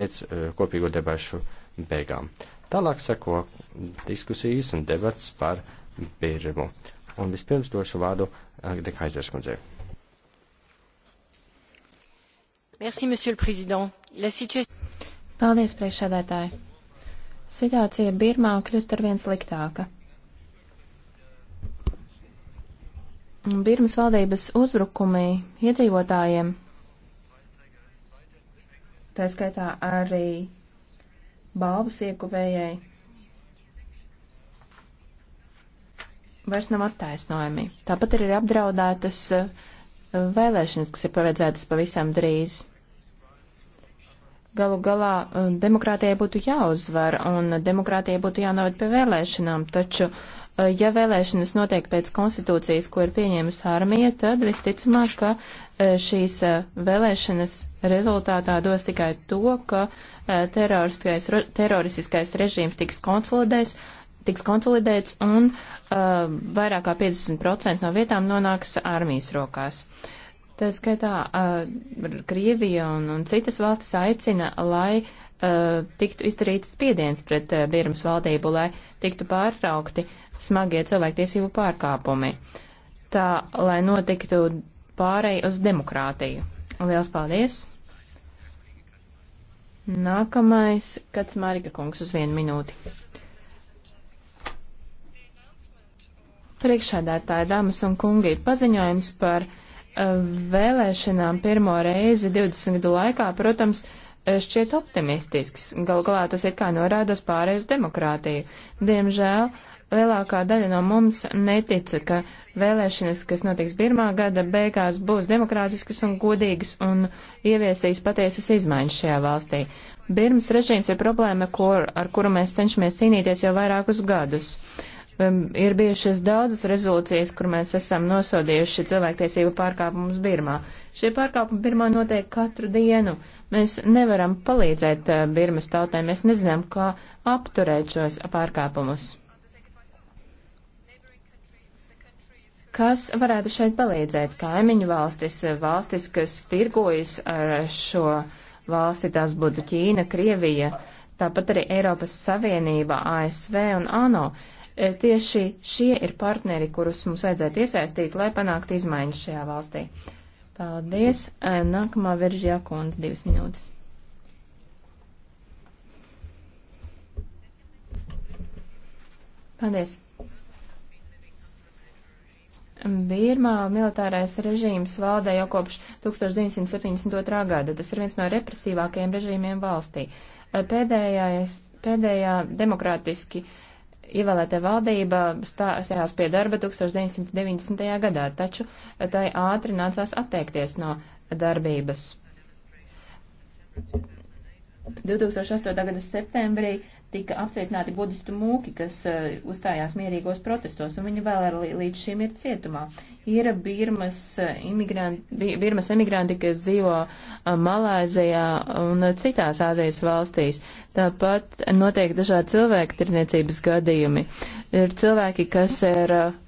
pēc eh, kopīgo debašu beigām. Tālāk seko diskusijas un debats par pirmu. Un vispirms došu vārdu Agde Kaisers kundzei. Merci, monsieur le président. La situation... Paldies, priekšsēdētāji. Situācija Birmā kļūst ar vien sliktāka. Birmas valdības uzbrukumi iedzīvotājiem tā skaitā arī balvas iekuvējai, vairs nav attaisnojami. Tāpat ir apdraudētas eh, vēlēšanas, kas ir paredzētas pavisam drīz. Galu galā eh, demokrātijai būtu jāuzvar un demokrātijai būtu jānovad pie vēlēšanām, taču uh, Eh, ja vēlēšanas notiek pēc konstitūcijas, ko ir pieņēmusi armija, tad visticamāk, ka eh, šīs eh, vēlēšanas rezultātā dos tikai to, ka teroristiskais režīms tiks konsolidēts, tiks konsolidēts un uh, vairāk kā 50% no vietām nonāks armijas rokās. Tā skaitā uh, Krievija un, un citas valstis aicina, lai uh, Uh, tiktu izdarīts spiediens pret uh, Birmas valdību, lai tiktu pārtraukti smagie cilvēktiesību pārkāpumi, tā lai notiktu pārēj uz demokrātiju. Liels paldies! Nākamais, kad Smārika kungs uz vienu minūti. Priekšādātāja dāmas un kungi paziņojums par uh, vēlēšanām pirmo reizi 20 gadu laikā, protams, uh, šķiet optimistisks. Galu galā tas ir kā norāda uz pārējais demokrātiju. Diemžēl lielākā daļa no mums netica, ka vēlēšanas, kas notiks pirmā gada beigās, būs demokrātiskas un godīgas un ieviesīs patiesas izmaiņas šajā valstī. Birmas režīms ir problēma, kur, ar kuru mēs cenšamies cīnīties jau vairākus gadus. Uh, Um, ir bijušas daudzas rezolūcijas, kur mēs esam nosodījuši cilvēktiesību pārkāpumus Birmā. Šie pārkāpumi Birmā notiek katru dienu. Mēs nevaram palīdzēt uh, Birmas tautai, mēs nezinām, kā apturēt šos pārkāpumus. Kas varētu šeit palīdzēt? Kaimiņu valstis, uh, valstis, kas tirgojas ar šo valsti, tās būtu Ķīna, Krievija, tāpat arī Eiropas Savienība, ASV un ANO. Uh, E, tieši šie ir partneri, kurus mums vajadzētu iesaistīt, lai panāktu izmaiņas šajā valstī. Paldies. E, nākamā viržjā kundze divas minūtes. Paldies. Birmā militārais režīms valdē jau kopš 1972. gada. Tas ir viens no represīvākajiem režīmiem valstī. E, pēdējais, pēdējā demokrātiski uh, Ievēlēta valdība stājās pie darba 1990. gadā, taču tai ātri nācās atteikties no darbības. 2008. gada septembrī tika apcietināti budistu mūki, kas uh, uzstājās mierīgos protestos, un viņi vēl ar, līdz šim ir cietumā. Ir Birmas, eh, imigranti, Birmas emigranti, kas dzīvo uh, eh, Malāzijā un uh, citās Āzijas valstīs. Tāpat notiek dažādi cilvēku tirdzniecības gadījumi. Ir cilvēki, kas ir uh,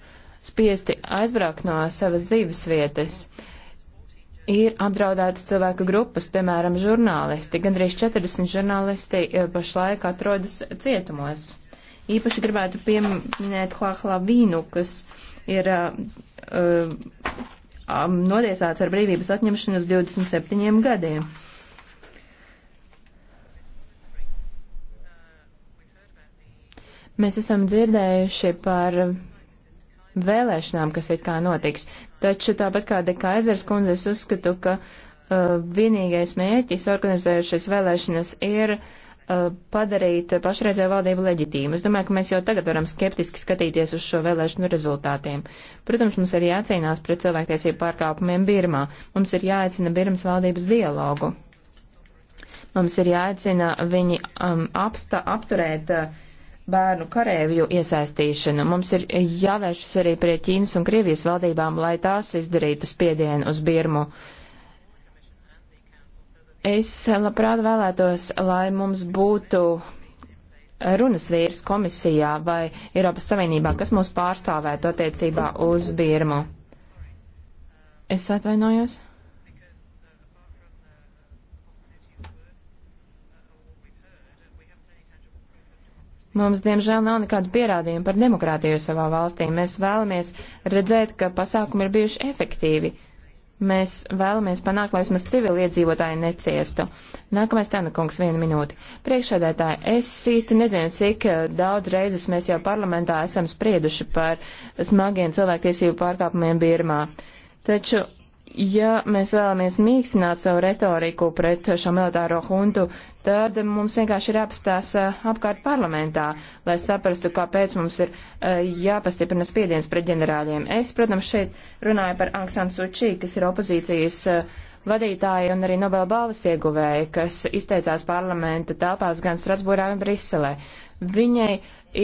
spiesti aizbraukt no savas dzīves vietas. Uh, ir apdraudētas cilvēku grupas, piemēram, žurnālisti. Gandrīz 40 žurnālisti eh, pašlaik atrodas cietumos. Īpaši gribētu pieminēt Hlāhlā Vīnu, kas ir uh, um, notiesāts ar brīvības atņemšanu uz 27 gadiem. Mēs esam dzirdējuši par vēlēšanām, kas it kā notiks. Taču tāpat kā Dekaizers kundze, es uzskatu, ka uh, vienīgais mērķis organizējušies vēlēšanas ir uh, padarīt pašreizējo valdību leģitīmu. Es domāju, ka mēs jau tagad varam skeptiski skatīties uz šo vēlēšanu rezultātiem. Protams, mums ir jācīnās pret cilvēktiesību pārkāpumiem Birmā. Mums ir jāaicina Birmas valdības dialogu mums ir jāicina viņi um, apsta, apturēt uh, bērnu karēvju iesaistīšanu. Mums ir jāvēršas arī pie Ķīnas un Krievijas valdībām, lai tās izdarītu spiedienu uz Birmu. Es labprāt vēlētos, lai mums būtu runas vīrs komisijā vai Eiropas Savienībā, kas mūs pārstāvētu attiecībā uz Birmu. Es atvainojos. Mums, diemžēl, nav nekādu pierādījumu par demokrātiju savā valstī. Mēs vēlamies redzēt, ka pasākumi ir bijuši efektīvi. Mēs vēlamies panākt, lai vismaz civiliedzīvotāji neciestu. Nākamais Tanakungs, viena minūte. Priekšsēdētāji, es īsti nezinu, cik eh, daudz reizes mēs jau parlamentā esam sprieduši par smagiem cilvēktiesību pārkāpumiem Birmā. Taču ja mēs vēlamies mīkstināt savu retoriku pret šo militāro huntu, tad mums vienkārši ir jāpastās apkārt parlamentā, lai saprastu, kāpēc mums ir jāpastiprina spiediens pret ģenerāļiem. Es, protams, šeit runāju par Angsānu Sučī, kas ir opozīcijas vadītāja un arī Nobela balvas ieguvēja, kas izteicās parlamenta telpās gan Strasbūrā, gan Briselē. Viņai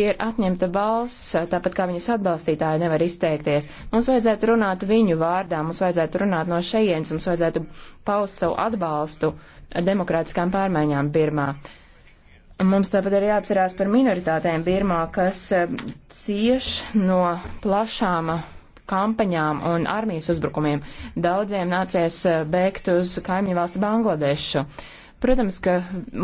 ir atņemta balss, tāpat kā viņas atbalstītāji nevar izteikties. Mums vajadzētu runāt viņu vārdā, mums vajadzētu runāt no šejienes, mums vajadzētu paust savu atbalstu uh, demokrātiskām pārmaiņām Birmā. Mums tāpat arī jāatcerās par minoritātēm Birmā, kas eh, cieš no plašām eh, kampaņām un armijas uzbrukumiem. Daudziem nācies eh, bēgt uz kaimiņu valsti Bangladešu. Protams, ka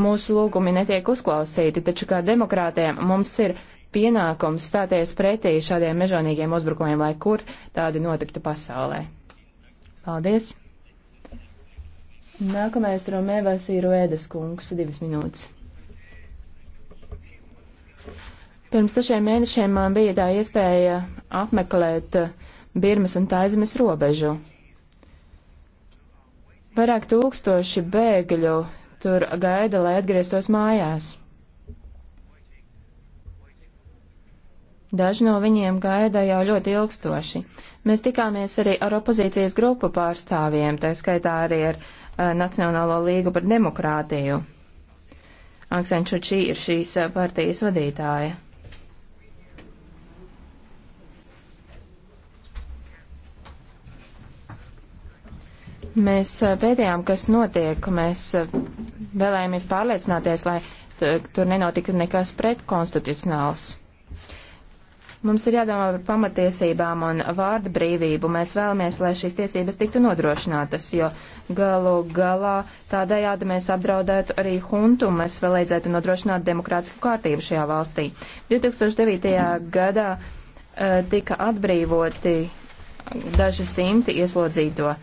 mūsu lūgumi netiek uzklausīti, taču kā demokrātiem mums ir pienākums stāties pretī šādiem mežonīgiem uzbrukumiem, lai kur tādi notiktu pasaulē. Paldies! Nākamais Romēvas ir Roēdas kungs, divas minūtes. Pirms dažiem mēnešiem man bija tā iespēja apmeklēt eh, Birmas un Taizemes robežu. Vairāk tūkstoši bēgļu tur gaida, lai atgrieztos mājās. Daži no viņiem gaida jau ļoti ilgstoši. Mēs tikāmies arī ar opozīcijas grupu pārstāvjiem, tā skaitā arī ar Eh, Nacionālo līgu par demokrātiju. Anksen Čučī ir šīs eh, partijas vadītāja. Mēs eh, pēdējām, kas notiek, mēs vēlējāmies pārliecināties, lai tur nenotika nekas pretkonstitucionāls. Mums ir jādomā par pamatiesībām un vārda brīvību. Mēs vēlamies, lai šīs tiesības tiktu nodrošinātas, jo galu galā tādējādi mēs apdraudētu arī huntu, mēs vēl aizētu nodrošināt demokrātisku kārtību šajā valstī. 2009. gadā eh, tika atbrīvoti daži simti ieslodzīto,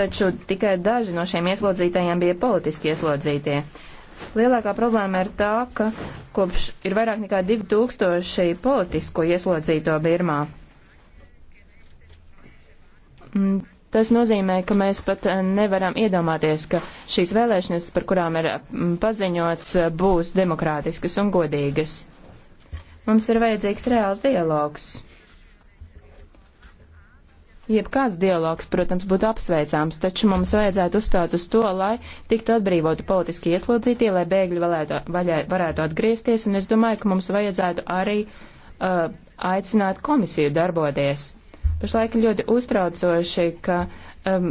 taču tikai daži no šiem ieslodzītajiem bija politiski ieslodzītie. Lielākā problēma ir tā, ka kopš ir vairāk nekā 2000 politisko ieslodzīto Birmā. Mm, tas nozīmē, ka mēs pat eh, nevaram iedomāties, ka šīs vēlēšanas, par kurām ir mm, paziņots, eh, būs demokrātiskas un godīgas. Mums ir vajadzīgs reāls dialogs. Jebkāds dialogs, protams, būtu apsveicams, taču mums vajadzētu uzstāt uz to, lai tiktu atbrīvoti politiski ieslodzītie, lai bēgļi valētu, vaļā, varētu atgriezties, un es domāju, ka mums vajadzētu arī uh, aicināt komisiju darboties. Pašlaik ir ļoti uztraucoši, ka um,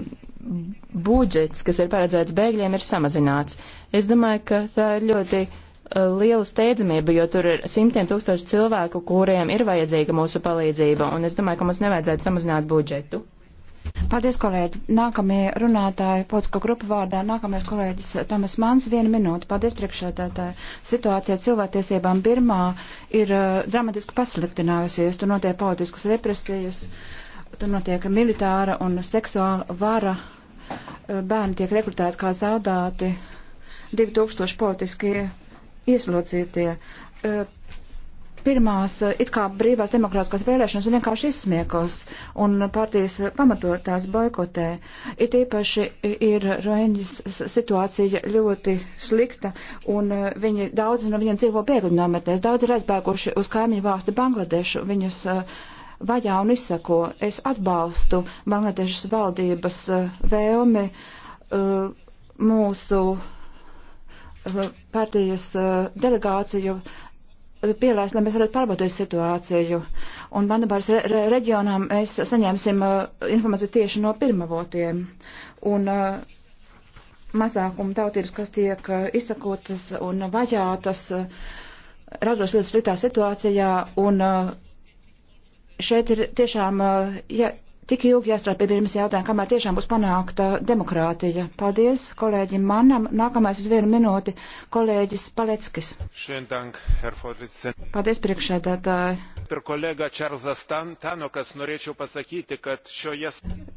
budžets, kas ir paredzēts bēgļiem, ir samazināts. Es domāju, ka tā ir ļoti liela steidzamība, jo tur ir simtiem tūkstoši cilvēku, kuriem ir vajadzīga mūsu palīdzība, un es domāju, ka mums nevajadzētu samazināt budžetu. Paldies, kolēģi. Nākamie runātāji, Potska grupa vārdā, nākamais kolēģis Tomas Mans, viena minūte. Paldies, priekšsēdētāji. Situācija cilvēktiesībām Birmā ir uh, dramatiski pasliktinājusies, tur notiek politiskas represijas, tur notiek militāra un seksuāla vara, uh, bērni tiek rekrutēti kā zaudāti, 2000 politiski ieslodzītie. Pirmās it kā brīvās demokrātiskās vēlēšanas ir vienkārši izsmiekos un partijas pamatotās boikotē. It īpaši ir Roeņģis situācija ļoti slikta un viņi, daudz no viņiem dzīvo bēgļu nometnēs, daudz ir aizbēguši uz kaimiņu valsti Bangladešu, viņus uh, vajā un izsako. Es atbalstu Bangladešas valdības uh, vēlmi uh, mūsu Eh, partijas eh, delegāciju pielaist, lai mēs varētu pārbaudīt situāciju. Un Bandabāras re re reģionā mēs saņemsim uh, eh, informāciju tieši no pirmavotiem. Un uh, mazākuma tautības, kas tiek uh, izsakotas un vajātas, rados ļoti sliktā situācijā. Un šeit ir tiešām, ja Tik ilgi jāstrādā pie pirmas jautājuma, kamēr tiešām būs panākta demokrātija. Paldies kolēģim Mannam. Nākamais uz vienu minūti kolēģis Paleckis. Dank, Paldies priekšēdētāji.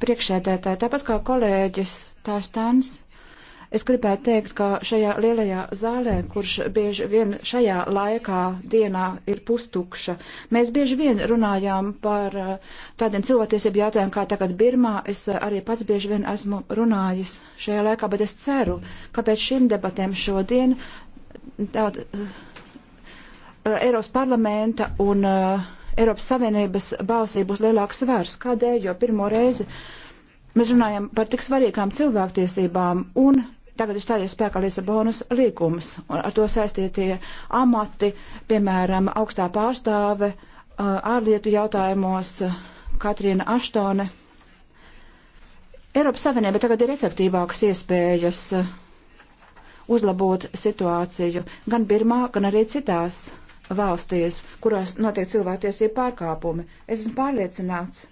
Priekšēdētāji, tāpat kā kolēģis Tāstans, Es gribētu teikt, ka šajā lielajā zālē, kurš bieži vien šajā laikā dienā ir pustukša, mēs bieži vien runājām par uh, tādiem cilvēktiesību jautājumiem, kā tagad Birmā. Es uh, arī pats bieži vien esmu runājis šajā laikā, bet es ceru, ka pēc šīm debatēm šodien tāda, uh, Eiropas parlamenta un uh, Eiropas Savienības balsī būs lielāks svars. Kādēļ? Jo pirmo reizi mēs runājam par tik svarīgām cilvēktiesībām un tagad ir stājies spēkā Lisabonas līgums, un ar to saistītie amati, piemēram, augstā pārstāve uh, ārlietu jautājumos Katrīna Aštone. Eiropas Savienība tagad ir efektīvākas iespējas uh, uzlabot situāciju gan Birmā, gan arī citās valstīs, kurās notiek cilvēktiesību pārkāpumi. Es esmu pārliecināts,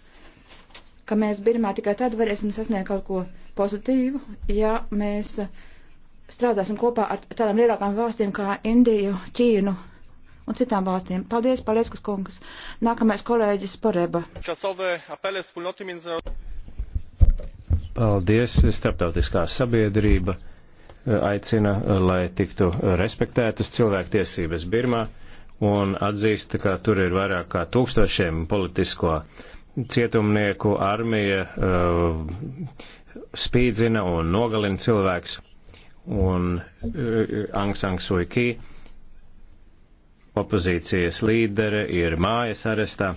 ka mēs Birmā tikai tad varēsim sasniegt kaut ko pozitīvu, ja mēs strādāsim kopā ar tādām lielākām valstīm kā Indiju, Ķīnu un citām valstīm. Paldies, Palieckas kungas. Nākamais kolēģis Poreba. Paldies, starptautiskā sabiedrība eh, aicina, eh, lai tiktu respektētas cilvēktiesības Birmā un atzīst, ka tur ir vairāk kā tūkstošiem politisko uh, cietumnieku armija uh, spīdzina un nogalina cilvēks. Un uh, Aung San Suu Kyi, opozīcijas līdere, ir mājas arestā.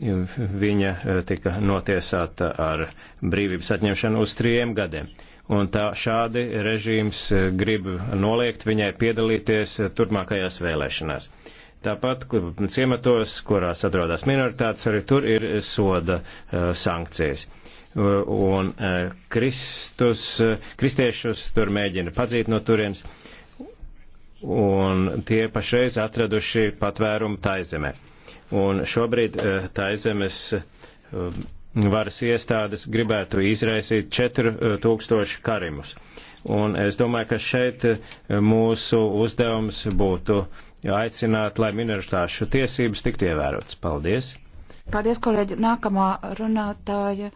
Viņa uh, tika notiesāta ar brīvības atņemšanu uz trījiem gadiem. Un tā šādi režīms uh, grib noliegt viņai piedalīties uh, turpmākajās vēlēšanās. Uh, Tāpat ciematos, kurās atrodas minoritātes, arī tur ir soda eh, sankcijas. Un eh, Kristus, kristiešus tur mēģina padzīt no turienes, un tie pašreiz atraduši patvērumu taizemē. Un šobrīd eh, taizemes varas iestādes gribētu izraisīt 4000 karimus. Un es domāju, ka šeit mūsu uzdevums būtu uh, aicināt, lai minoritāšu tiesības tiktu ievērotas. Paldies! Paldies, kolēģi. Nākamā runātāja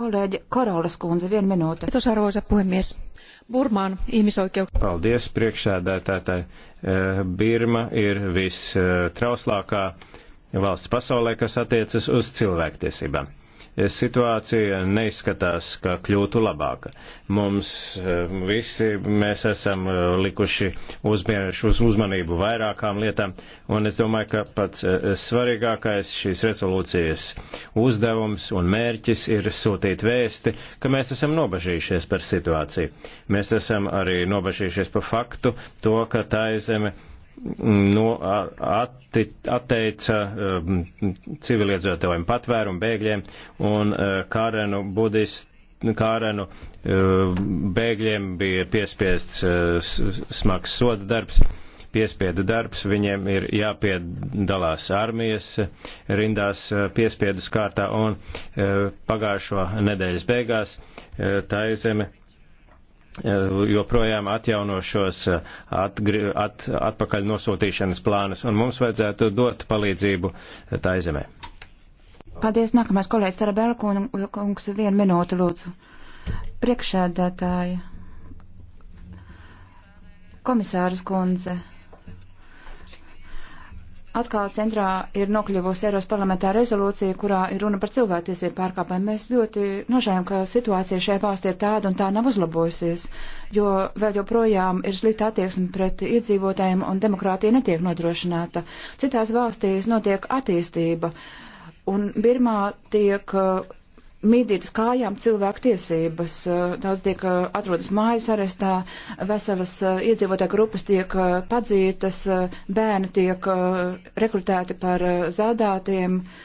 kolēģi Korolas kundze, viena minūte. Kiitos, arvoisa puhemies. Burmaan ihmisoikeus. Paldies, priekšsēdētātāji. Eh, Birma ir vistrauslākā valsts pasaulē, kas attiecas uz cilvēktiesībām situācija neizskatās, ka kļūtu labāka. Mums eh, visi, mēs esam eh, likuši uzmieruši uz uzmanību vairākām lietām, un es domāju, ka pats eh, svarīgākais šīs rezolūcijas uzdevums un mērķis ir sūtīt vēsti, ka mēs esam nobažījušies par situāciju. Mēs esam arī nobažījušies par faktu to, ka tā izeme no, atti, atteica um, civiliedzīvotājiem patvērumu bēgļiem un uh, Kārenu budistu. Kārenu uh, bēgļiem bija piespiests uh, smags soda darbs, piespiedu darbs, viņiem ir jāpiedalās armijas rindās uh, piespiedu skārtā un uh, pagājušo nedēļas beigās uh, Taizeme Eh, joprojām atjaunošos eh, atgri, at, atpakaļ nosūtīšanas plānus, un mums vajadzētu dot palīdzību eh, tā izemē. Paldies, nākamais kolēģis Tarabēla kungs, vienu minūtu lūdzu. Priekšēdētāji, komisāras kundze atkal centrā ir nokļuvusi Eiros parlamentā rezolūcija, kurā ir runa par cilvēktiesību pārkāpēm. Mēs ļoti nožēlam, ka situācija šajā valstī ir tāda un tā nav uzlabojusies, jo vēl joprojām ir slikta attieksme pret iedzīvotājiem un demokrātija netiek nodrošināta. Citās valstīs notiek attīstība un Birmā tiek mīdīt uz kājām cilvēku tiesības. Daudz eh, tiek eh, atrodas mājas arestā, veselas eh, iedzīvotāju grupas tiek padzītas, bērni tiek rekrutēti par zādātiem. Uh,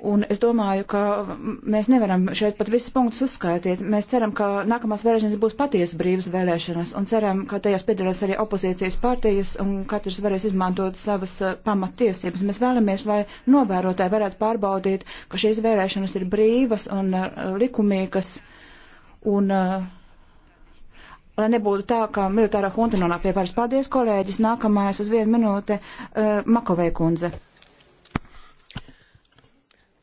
Un es domāju, ka mēs nevaram šeit pat visus punktus uzskaitīt. Mēs ceram, ka nākamās vēlēšanas būs patiesi brīvas vēlēšanas un ceram, ka tajās piedalās arī opozīcijas partijas un katrs varēs izmantot savas eh, pamattiesības. Mēs vēlamies, lai novērotāji varētu pārbaudīt, ka šīs vēlēšanas ir brīvas un eh, likumīgas un eh, lai nebūtu tā, ka militārā hunta nonāk pie varas. Paldies, kolēģis. Nākamais uz vienu minūte uh, Makovei kundze.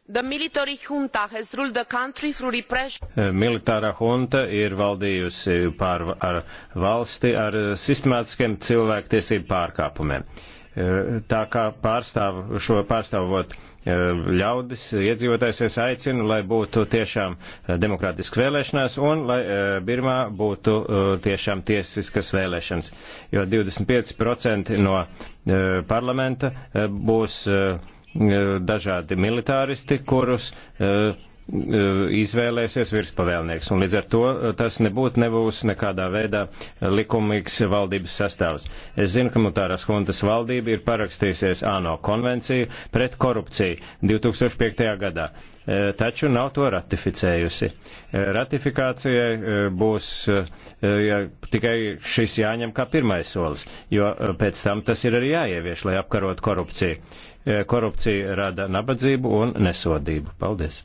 The military junta has ruled the country through repression. Eh, militārā junta ir valdījusi pār ar valsti ar sistemātiskiem cilvēktiesību pārkāpumiem. Eh, tā kā pārstāv, šo pārstāvot eh, ļaudis, iedzīvotājs es aicinu, lai būtu tiešām demokrātiski vēlēšanās un lai Birmā būtu tiešām tiesiskas vēlēšanas, jo 25% no parlamenta būs Eh, dažādi militāristi, kurus eh, eh, izvēlēsies virspavēlnieks, un līdz ar to tas nebūtu nebūs nekādā veidā likumīgs valdības sastāvs. Es zinu, ka Mutāras huntas valdība ir parakstījusies ANO konvenciju pret korupciju 2005. gadā, taču nav to ratificējusi. Ratifikācijai būs ja, tikai šis jāņem kā pirmais solis, jo pēc tam tas ir arī jāievieš, lai apkarot korupciju Eh, korupcija rada nabadzību un nesodību. Paldies!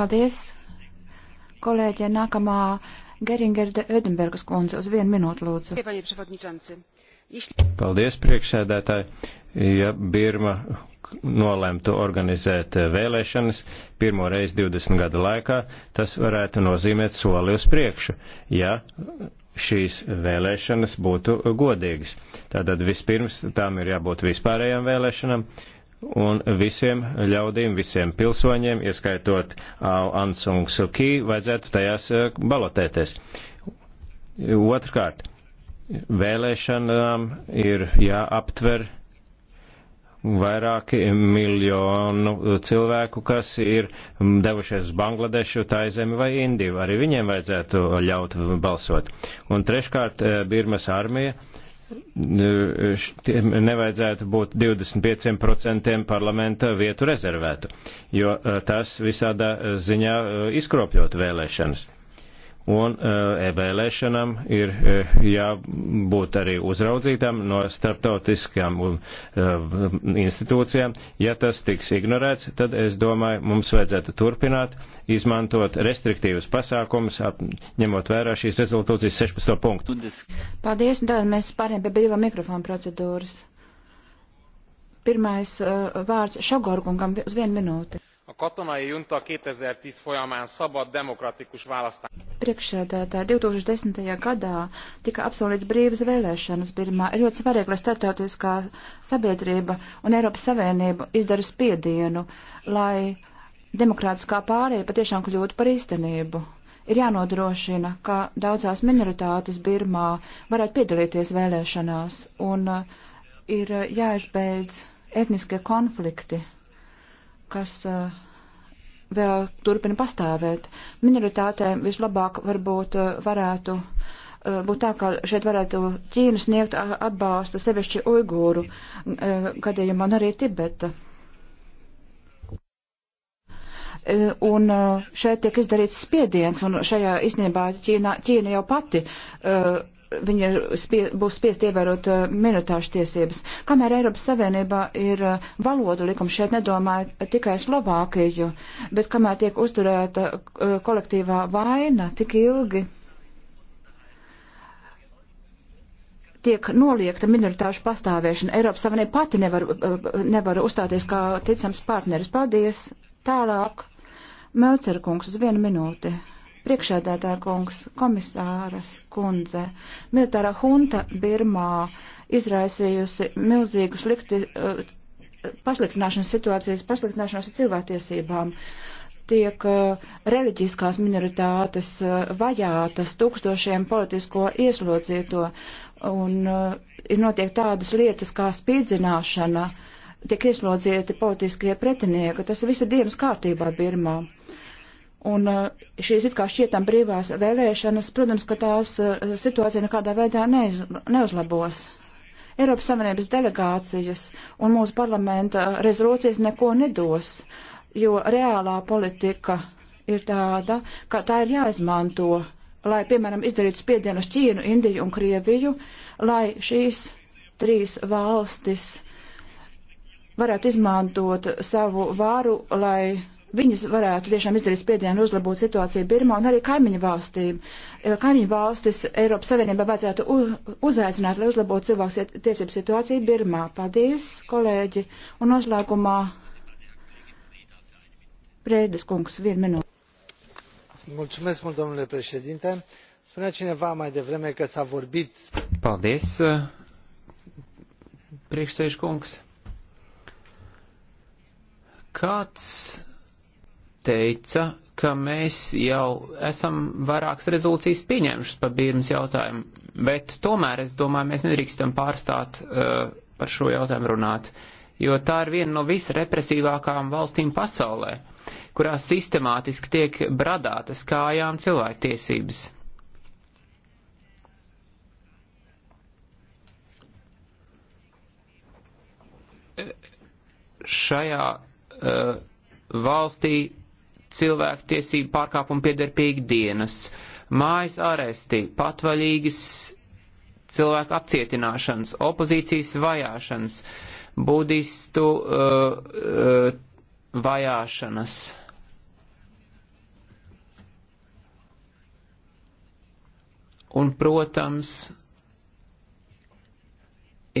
Paldies! Kolēģe, nākamā Geringerde Ödenbergas kundze uz vienu minūtu lūdzu. Paldies, priekšsēdētāji! Ja Birma nolēmtu organizēt eh, vēlēšanas pirmo reizi 20 gadu laikā, tas varētu nozīmēt soli uz priekšu, ja šīs vēlēšanas būtu godīgas. Tātad vispirms tām ir jābūt vispārējām vēlēšanām, un visiem ļaudīm, visiem pilsoņiem, ieskaitot Ansung Suki, vajadzētu tajās eh, balotēties. Otrkārt, vēlēšanām ir jāaptver. Ja vairāki miljonu cilvēku, kas ir devušies uz Bangladešu, Taizemi vai Indiju. Arī viņiem vajadzētu ļaut balsot. Un treškārt, eh, Birmas armija eh, nevajadzētu būt 25% parlamenta vietu rezervētu, jo eh, tas visādā ziņā izkropļot vēlēšanas. Un e, e-vēlēšanām ir e, jābūt arī uzraudzītām no starptautiskām um, e, institūcijām. Ja tas tiks ignorēts, tad es domāju, mums vajadzētu turpināt izmantot restriktīvus pasākumus, ņemot vērā šīs rezolūcijas 16. punktu. Paldies, tad mēs pārējām pie brīvā mikrofona procedūras. Pirmais vārds Šagorgungam uz vienu minūti a katonai junta two thousand and ten folyamán szabad demokratikus választások priekšsēdētāji 2010. gadā tika apsolīts brīvas vēlēšanas Birmā. Ir ļoti svarīgi, lai starptautiskā sabiedrība un Eiropas Savienība izdara spiedienu, lai demokrātiskā pārēja patiešām kļūtu par īstenību. Ir jānodrošina, ka daudzās minoritātes Birmā varētu piedalīties vēlēšanās un uh, ir jāizbeidz etniskie konflikti kas uh, vēl turpina pastāvēt. Minoritātēm vislabāk varbūt eh, varētu eh, būt tā, ka šeit varētu Ķīna sniegt atbalstu sevišķi Uigūru gadījumā un arī Tibeta. Un šeit tiek izdarīts spiediens, un šajā īstenībā Ķīna, Ķīna jau pati viņi spie, būs spiest ievērot uh, minoritāšu tiesības. Kamēr Eiropas Savienībā ir uh, valodu likums, šeit nedomāju tikai Slovākiju, bet kamēr tiek uzturēta uh, kolektīvā vaina tik ilgi, tiek noliekta minoritāšu pastāvēšana. Eiropas Savienība pati nevar, uh, nevar uzstāties kā ticams partneris. Paldies! Tālāk, Melcerkungs, uz vienu minūti. Priekšēdētāja kungs, komisāras kundze, militārā hunta Birmā izraisījusi milzīgu slikti, uh, pasliktināšanas situācijas, pasliktināšanos ar cilvēktiesībām. Tiek uh, reliģiskās minoritātes uh, vajātas tūkstošiem politisko ieslodzīto un uh, ir notiek tādas lietas kā spīdzināšana, tiek ieslodzīti politiskie pretinieki. Tas ir visa dienas kārtībā Birmā. Un uh, šīs it kā šķietam brīvās vēlēšanas, protams, ka tās uh, situācija nekādā veidā neiz, neuzlabos. Eiropas Savienības delegācijas un mūsu parlamenta rezolūcijas neko nedos, jo reālā politika ir tāda, ka tā ir jāizmanto, lai, piemēram, izdarītu spiedienu uz Ķīnu, Indiju un Krieviju, lai šīs trīs valstis varētu izmantot savu varu, lai viņas varētu tiešām izdarīt spiedienu uzlabot situāciju Birmā un arī kaimiņu valstīm. E, kaimiņu valstis Eiropas Savienībā vajadzētu uzaicināt, lai uzlabotu cilvēku tiesību situāciju Birmā. Paldies, kolēģi, un noslēgumā Prēdes kungs, vienu minūti. Mulțumesc mult, domnule președinte. Spunea cineva mai devreme că s-a vorbit... Paldies, e, priekšsēžkungs. Kāds teica, ka mēs jau esam vairākas rezolūcijas pieņēmušas par Birmas jautājumu, bet tomēr es domāju, mēs nedrīkstam pārstāt uh, par šo jautājumu runāt, jo tā ir viena no visrepresīvākām valstīm pasaulē, kurās sistemātiski tiek bradātas kājām cilvēktiesības. Šajā uh, valstī cilvēku tiesību pārkāpumu piedarpīgi dienas, mājas aresti, patvaļīgas cilvēku apcietināšanas, opozīcijas vajāšanas, budistu uh, uh, vajāšanas. Un, protams,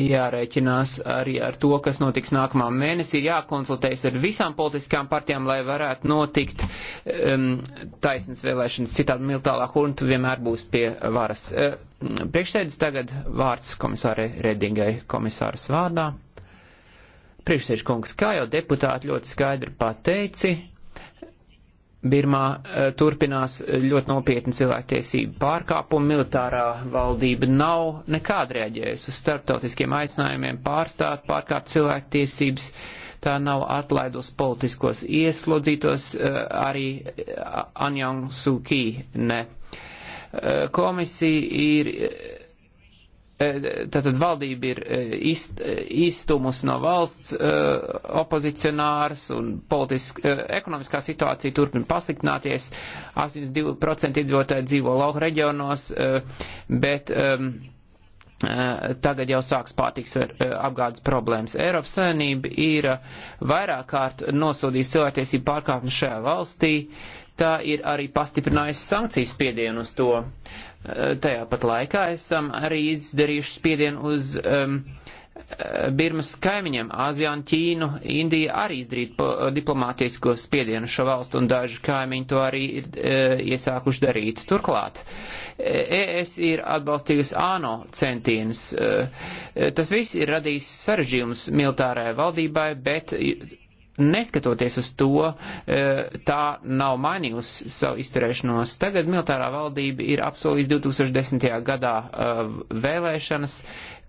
jārēķinās arī ar to, kas notiks nākamā mēnesī, ir jākonsultējas ar visām politiskām partijām, lai varētu notikt um, taisnas vēlēšanas. Citādi militālā hunta vienmēr būs pie varas. Uh, priekšsēdis tagad vārds komisārai Redingai komisāras vārdā. Priekšsēdis kungs, kā jau deputāti ļoti skaidri pateici, Birmā eh, turpinās ļoti nopietni cilvēktiesību pārkāpumi, militārā valdība nav nekāda reaģējusi uz starptautiskiem aicinājumiem pārstāt, pārkāpt cilvēktiesības, tā nav atlaidos politiskos ieslodzītos, eh, arī eh, Anjang Suu Kyi ne. Komisija ir Eh, tātad valdība ir ist, eh, izstumus eh, no valsts opozicionārus un politiski, ekonomiskā situācija turpina pasliktināties. 82% iedzīvotāji dzīvo lauku reģionos, bet ehm, tagad jau sāks pārtiks apgādes problēmas. Eiropas Savienība ir vairāk kārt nosodījusi cilvēktiesību pārkāpumu šajā valstī. Uh, tā ir arī pastiprinājusi sankciju spiedienu uz to. Eh, tajā pat laikā esam arī izdarījuši spiedienu uz um, Birmas kaimiņiem, Āzijānu, Ķīnu, Indiju arī izdarīt diplomātisko spiedienu šo valstu, un daži kaimiņi to arī ir e, iesākuši darīt. Turklāt, ES e ir atbalstījusi ANO centienus. E, tas viss ir radījis sarežģījums militārajai valdībai, bet neskatoties uz to, e, tā nav mainījusi savu izturēšanos. Tagad militārā valdība ir apsolījusi 2010. gadā e, vēlēšanas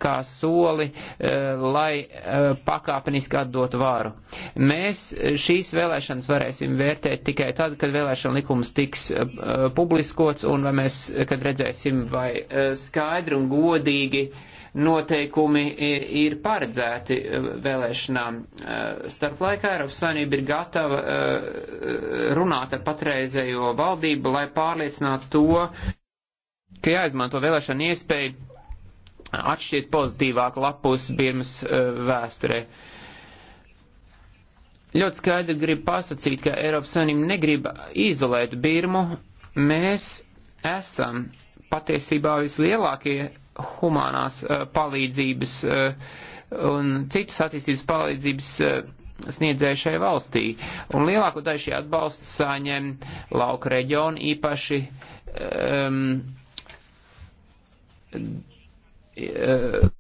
kā soli, e, lai pakāpeniski atdot varu. Mēs šīs vēlēšanas varēsim vērtēt tikai tad, kad vēlēšana likums tiks publiskots un vai mēs, kad redzēsim, vai skaidri un godīgi uh, noteikumi ir, ir paredzēti e, vēlēšanām. E, starp laikā Eiropas Savienība ir gatava e, runāt ar patreizējo valdību, lai pārliecinātu to, ka jāizmanto vēlēšana iespēju atšķirt pozitīvāku lapus Birmas vēsturē. Ļoti skaidri grib pasakīt, ka Eiropas Savienība negrib izolēt Birmu. Mēs esam patiesībā vislielākie humanās eh, palīdzības eh, un citas attīstības palīdzības eh, sniedzēju šai valstī. Un lielāko daļu šī atbalsta saņem lauka reģionu, īpaši um, uh,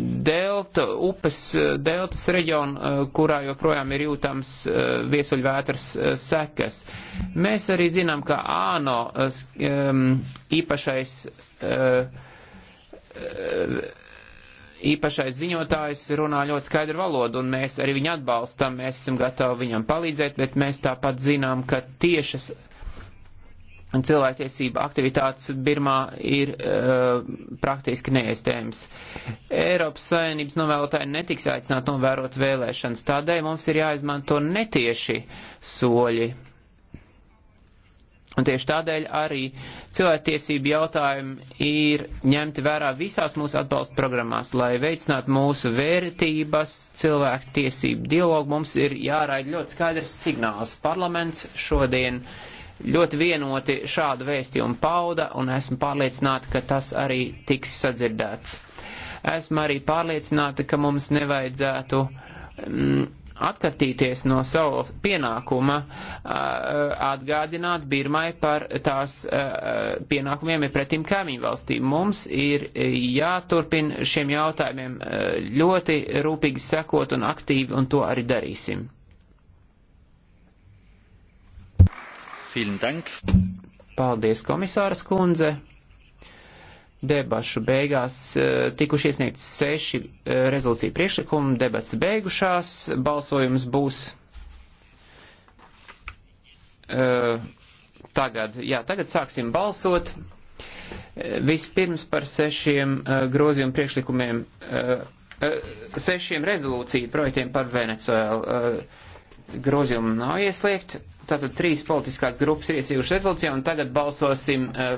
delta, upes eh, deltas reģionu, eh, kurā joprojām ir jūtams eh, viesuļvētras sekas. Mēs arī zinām, ka āno īpašais īpašais ziņotājs runā ļoti skaidru valodu, un mēs arī viņu atbalstam, mēs esam gatavi viņam palīdzēt, bet mēs tāpat zinām, ka tiešas cilvēktiesība aktivitātes Birmā ir uh, praktiski neiestējams. Eiropas Savienības novēlotāji netiks aicināt novērot vēlēšanas, tādēļ mums ir jāizmanto netieši soļi. Un tieši tādēļ arī cilvēktiesību jautājumi ir ņemti vērā visās mūsu atbalsta programmās, lai veicinātu mūsu vērtības, cilvēktiesību dialogu. Mums ir jāraida ļoti skaidrs signāls. Parlaments šodien uh, ļoti vienoti šādu vēstījumu pauda, un esmu pārliecināta, ka tas arī tiks sadzirdēts. Esmu arī pārliecināta, ka mums nevajadzētu mm, atkartīties no savu pienākuma atgādināt Birmai par tās pienākumiem ir pretim kaimiņu valstīm. Mums ir jāturpina šiem jautājumiem ļoti rūpīgi sekot un aktīvi, un to arī darīsim. Vielen Dank. Paldies, komisāras kundze. Debašu beigās e, tikuši iesniegts seši e, rezolūcija priekšlikumi, debats beigušās, balsojums būs. E, tagad, jā, tagad sāksim balsot. Vispirms par sešiem grozījumu priekšlikumiem, sešiem rezolūciju projektiem par Venecuēlu grozījumu nav iesliegt. Tātad trīs politiskās grupas ir iesījuši rezolūciju un tagad balsosim. Eh,